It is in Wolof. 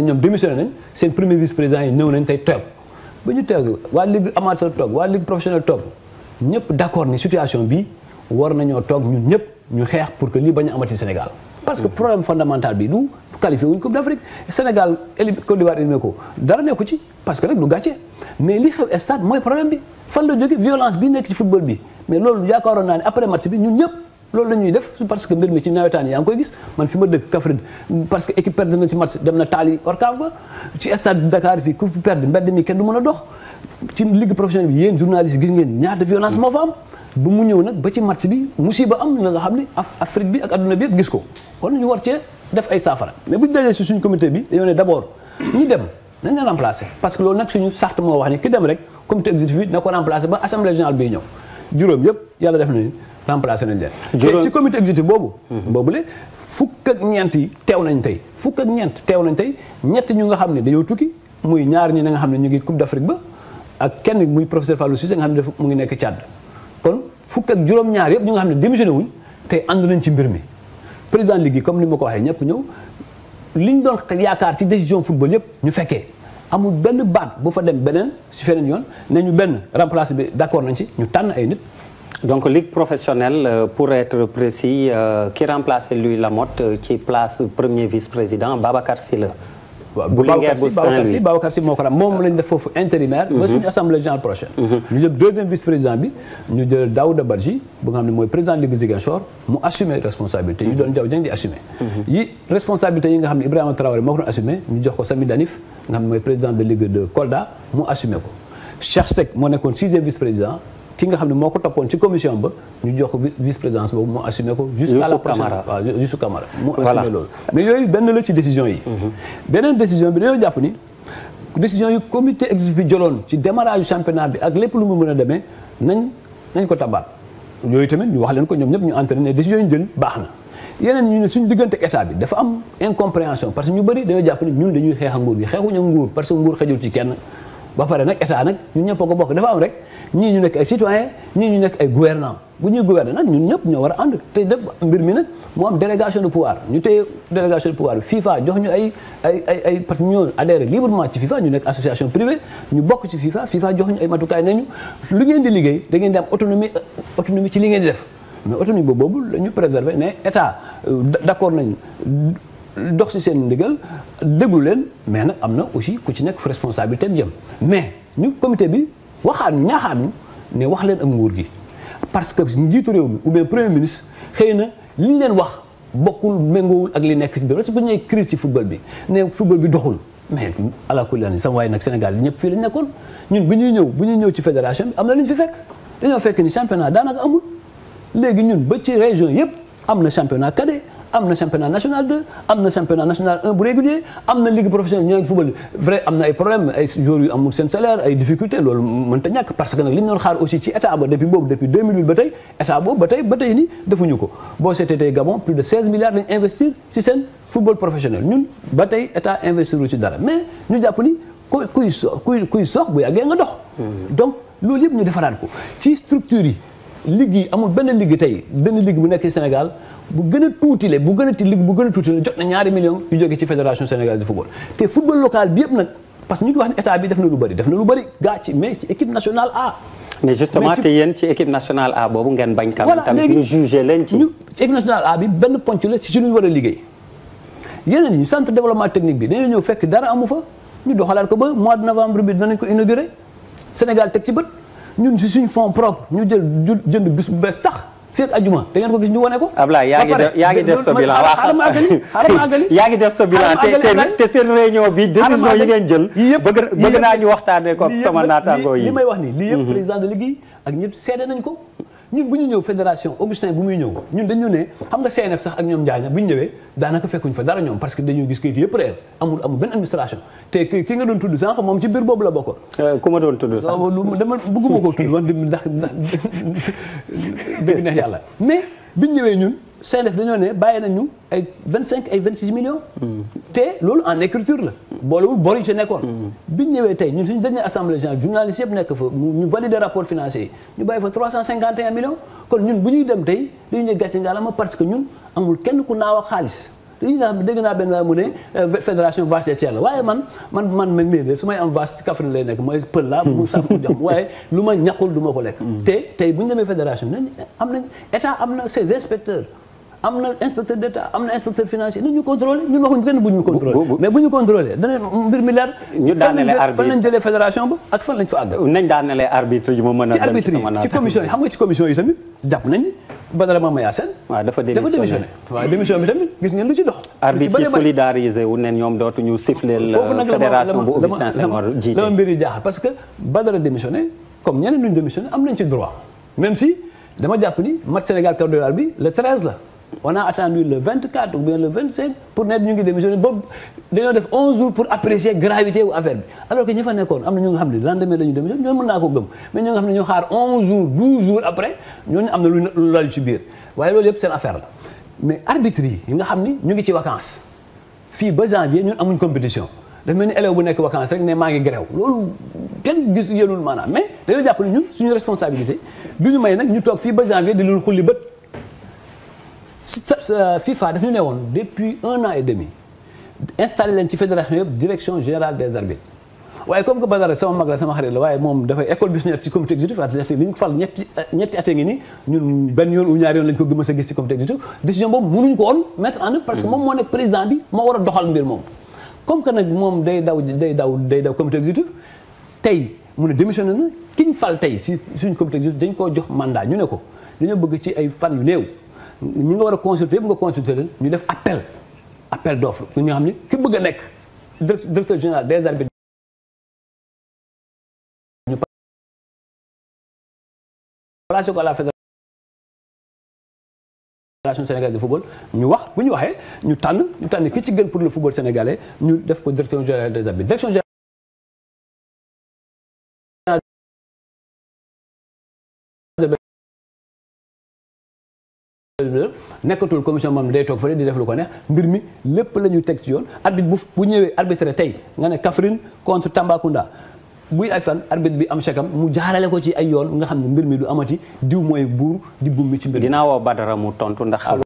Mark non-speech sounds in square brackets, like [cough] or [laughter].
ñoom démissionné nañ seen premier vice président yi ñëw nañ tey toog ba ñu toog waa ligue amateur toog waa ligue professionnel toog ñëpp d' ni situation bi war nañoo toog ñun ñëpp ñu xeex pour que lii bañ a amati Sénégal. parce que problème fondamental bi du qualifié wuñ Coupe d' Sénégal éli Côte d'Ivoire éliminé dara nekku ci parce que rek gàcce mais li xew stade mooy problème bi fan la jógee violence bi nekk ci football bi mais loolu yaakaaroon naa loolu la ñuy def parce que mbir mi ci nawetaan yaa ngi koy gis man fi ma dëkk Kaffrine parce que équipe perdre na ci match dem na taali orkaaf ba ci stade Dakar fii mi kenn du mën a dox ci ligue professionnelle bi yéen journaliste gis ngeen ñaata violence moo fa am ba mu ñëw nag ba ci match bi musiba am na nga xam ne Afrique bi ak adduna bi yëpp gis ko kon ñu war cee def ay saafara mais bu ñu dajee si suñ comité bi dañoo ne d' ñi dem nañ leen remplacer parce que loolu nag suñu charte moo wax ni ki dem rek comité exécutif bi na ko remplacer def na remplacé nañ leen te ci comité exécutif boobu boobu le fukk ak ñeent yi teew nañ tey fukk ñeent teew nañ tey ñett ñu nga xam ne dañoo tukki muy ñaar ñi na nga xam ne ñu ngi Coupe d'Afrique ba ak kenn muy professeur Fallou Cissé nga xam ne mu ngi nekk Tchad kon fukk ak juróom-ñaar yëpp ñu nga xam ne démissionné wuñ tey ànd nañ ci mbir mi président ligue comme ni ma ko waxee ñëpp ñëw liñ doon yaakaar ci décision football yëpp ñu fekkee amul benn baat bu fa dem beneen su feneen yoon ne ñu benn remplacé bi d'accord nañ ci ñu tànn ay nit donc ligue professionnelle euh, pour être précis ki euh, remplace Louis Lamotte ci euh, place premier vice-président Babacar Sylla bu Linguère bu Saint-Louis Babacar Sy moo ko ram ah. intérimaire ba mhm. suñu mhm. deuxième vice-président bi ñu jël Daouda Badji bu nga xam ne mooy président ligue Ziguinchor mu assumer responsabilité mhm. yu doon jaw jang assumer yi responsabilité yi nga xam ne Ibrahima Traoré moo ko doon assumer ñu jox ko Sami Danif nga xam ne mooy président de ligue nekkoon sixième président ki nga xam ne moo ko toppoon ci commission ba ñu jox vice présidence boobu mu assumé ko jusqu'à la mu assumé loolu mais yooyu benn la ci décision yi mhm. beneen décision bi dañoo jàpp ni lu a demee ko tabaat yooyu ñu wax leen ko ñoom ñëpp ñu entraîné décision ñu jël baax na yeneen ñu ne suñu diggante ak bi dafa am incompréhension parce que ñu bëri dañoo jàpp ni ñun dañuy xeex a nguur bi xeexuñu nguur parce que nguur xejul ci kenn ba pare nag état nag ñun ñëpp a ko bokk dafa am rek ñii ñu nekk ay citoyen ñii ñu nekk ay gouvernant bu ñuy gouverner nag ñun ñëpp ñoo war a ànd te def mbir mi nag mu am délégation de pouvoir ñu téye délégation de pouvoir FIFA jox ñu ay ay ay ay parce que ñoo adhéré librement ci FIFA ñu nekk association privée ñu bokk ci FIFA FIFA jox ñu ay matukaay nañu lu ngeen di liggéey da ngeen di am autonomie autonomie ci li ngeen di def mais autonomie boobu la ñu préserver ne état euh, d'accord nañu dox ci seen ndigal déglu leen mais nag am na aussi ku ci nekk fu responsabilité am jëm mais ñu comité bi waxaat ñu ñaaxaat ñu ne wax leen ak nguur gi parce que njiitu réew mi ou bien premier ministre xëy na li leen wax bokkul méngoowul ak li nekk ci biir parce que bu ñu nee crise bi ne football bi doxul mais ala kulli àll sama waaye Sénégal ñëpp fii lañ nekkoon ñun bu ñuy ñëw bu ñuy ñëw ci fédération bi am na lu ñu fi fekk dañoo fekk ni championnat daanaka amul léegi ñun ba ci région yëpp am na championnat cadet. am na championnat national 2 am na championnat national bu régulier am na ligue professionnelle ñoo ngi football vrai am na ay problème ay joueurs yu seen salaire ay difficulté loolu mënta ñàkk parce que nag li ñu xaar aussi ci état ba depuis boobu depuis 2008 ko boo seetee tey Gabon plus de 16 milliards lañu investir ci seen football professionnel ñun ba tey état investir ci dara mais ñu jàpp ni kuy kuy kuy kuy sox bu yàggee nga dox hmm. donc loolu yëpp ñu defaraat ko ci structure yi ligue yi amul benn ligue tey benn ligue bu nekk ci Sénégal bu gën a tuutile bu gën a ti ligue bu gën a tuutile jot na ñaari millions yu jóge ci fédération sénégalaise de football te football local bi yëpp nag parce que wax ne état def na lu bëri def na lu bëri gaa ci mais ci équipe nationale A. boobu ngeen bañ. voilà tamit ñu jugé leen ci. ñu ci A bi benn ponc la ci suñu war a liggéey yeneen ñi centre développement technique bi dañoo ñëw fekk dara amu fa ñu doxalaat ko ba mois de novembre bi danañ ko inauguré Sénégal teg ñun si suñ fonds propre ñu jël jënd bis bu bees tax fekk ajuma da ngeen ko gis ñu wane ko. Ablaye yaa ngi def [laughs] yaa ngi def sa bilan waaw xaaral ma àggali yaa ngi def sa bilan te te seen réunion bi décision yi ngeen jël. bëgg bëgg naa ñu waxtaanee ko sama naataangoo yi. li may wax ni lii yëpp mhm. président de liggéey ak ñëpp seede nañ ko. ñun bu ñu ñëw fédération Augustin bu muy ñëw ñun dañu ne xam nga CNF sax ak ñoom Njaaña bu ñu ñëwee daanaka fekkuñ fa dara ñoom parce que dañoo gis kayit yëpp réel amul amul benn administration te ki doon tudd sànq moom ci biir boobu la bokkoon. Euh, ku ma doon tudd sax dama bëgguma koo tudd woon ndax [laughs] dëgg neex yàlla mais biñ ñëwee ñun. CNF dañoo ne bàyyi nañu ay vingt cinq ay vingt six millions. Hmm. te loolu en écriture la. boolewul bor yi ci nekkoon. Mm-hmm. bi ñu ñëwee tey ñun suñu dernier assemblée générale yëpp nekk fa ñu valide rapport financier yi ñu bàyyi fa 351 millions. kon ñun bu ñuy dem tey dañu ne gàcce ngaalama parce que ñun amul kenn ku naaw a xaalis dañuy naan dégg naa benn mu ne euh, fédération vache et waaye man man man man mii de su may am vache Kaffrine lay nekk mooy pël la mu sàmm jom mm-hmm. waaye lu ma ñàkkul du ko lekk. Mm-hmm. te tey bu ñu demee fédération nañ am nañ état am na ses inspecteurs. am na inspecteur d' état am financier nañu contrôlé ñun waxuñu kenn ñu contrôlé mais bu ñu contrôlé dana mbir mi leer ñu daanale fédération ba ak fan lañ fa àgg nañ daanale arbitre yi mu mën a ci arbitre yi ci commission tamit jàpp nañ Badara Mamaya Sène waaw dafa démissionné waaw démission bi tamit gis ngeen dox arbitre yi solidarisé wu ne ñoom dootuñu siffleel fédération bu Augustin Senghor jiite la ma mbir parce que Badara démissionné comme ñeneen ñu démissionné am nañ ci droit même si dama jàpp match Sénégal Côte d'Ivoire bi le 13 la on a attendu le 24 ou bien le 25 pour nekk ñu ngi démissionné boobu dañoo def 11 jours pour apprécier gravité wu affaire bi alors que ñi fa nekkoon am na ñu nga xam ne lendemain la ñu démissionné ñoom naa ko gëm mais ñoo nga xam ne ñu xaar 11 jours 12 jours après ni ñu ngi ci vacances fii ba janvier ñun amuñ compétition dafa mel ni élève bu nekk vacances rek ne maa ngi grève loolu kenn gis yéenul maanaam mais dañoo jàpp ne ñun suñu responsabilité du ñu may nag ñu toog fii ba janvier di Euh, FIFA daf ñu ne woon depuis un an et demi installé ci fédération yëpp direction générale des arbitres waaye comme que Badara sama mag la sama xarit la waaye moom dafay école bi suñu ci comité exécutif atlétique li ñu ko fal ñetti ñetti at ngi nii ñun benn yoon a woon mettre en œuvre parce que moom moo nekk président bi moo war a doxal mbir moom comme que nag moom day daw day daw day daw comité exécutif tey mu ne démissionné na kiñ fal tey si suñu comité exécutif dañ koo jox mandat ñu ne ko dañoo bëgg ci ay fan yu ñu nga war a consulter yëpp nga consulter leen ñu def appel appel d'offre ñu nga xam ni ki bëgg a nekk directeur général des arbitres ñu placé ko à la fédération wax bu ñu waxee ñu tànn ñu tànn ki ci gën pour le football sénégalais ñu def ko directeur général des nekkatul commission moom day toog fële di def lu ko ne mbir mi lépp la ñu teg ci yoon arbitre bu bu ñëwee arbitre tey nga ne Kaffrine contre Tambacounda buy ay san arbitre bi am sekam mu jaarale ko ci ay yoon nga xam ne mbir mi du amati diw mooy buur di bummi ci mbir mi. dinaa woo Badara mu tontu ndax.